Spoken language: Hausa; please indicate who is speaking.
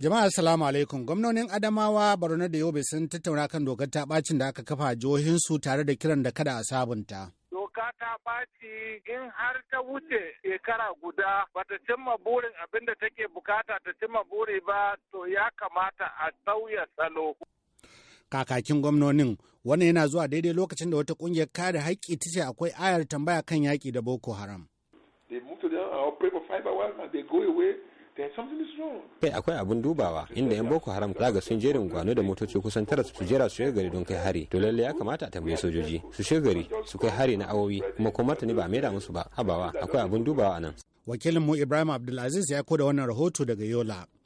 Speaker 1: Jama'a assalamu alaikum gwamnonin Adamawa Barna da Yobe sun tattauna kan dokar ta bacin da aka kafa jihohin su tare da kiran da kada a sabunta. Doka ta
Speaker 2: baci in har ta wuce shekara guda ba ta cimma burin abin da take bukata ta cimma buri ba to ya kamata a sauya salo.
Speaker 1: Kakakin gwamnonin wannan yana zuwa daidai lokacin da wata kungiyar kare haƙƙi ta ce akwai ayar tambaya kan yaƙi da Boko Haram. Eh, kai akwai abin
Speaker 3: dubawa inda yan boko haram zaga sun jerin gwano da motoci kusan tara su jera su shiga gari don kai hari to lalle ya kamata a tambayi sojoji su shiga gari su kai hari na awowi kuma kuma martani ba a maida musu ba habawa akwai abin dubawa nan
Speaker 1: wakilinmu ibrahim abdulaziz ya koda wannan rahoto daga yola